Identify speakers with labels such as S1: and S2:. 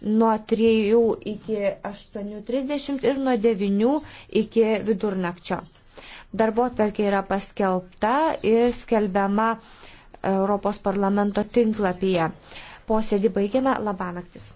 S1: nuo 3 iki 8.30 ir nuo 9 iki vidurnakčio. Darbo atverkė yra paskelbta ir skelbiama Europos parlamento tinklapyje. Posėdį baigėme. Labanaktis.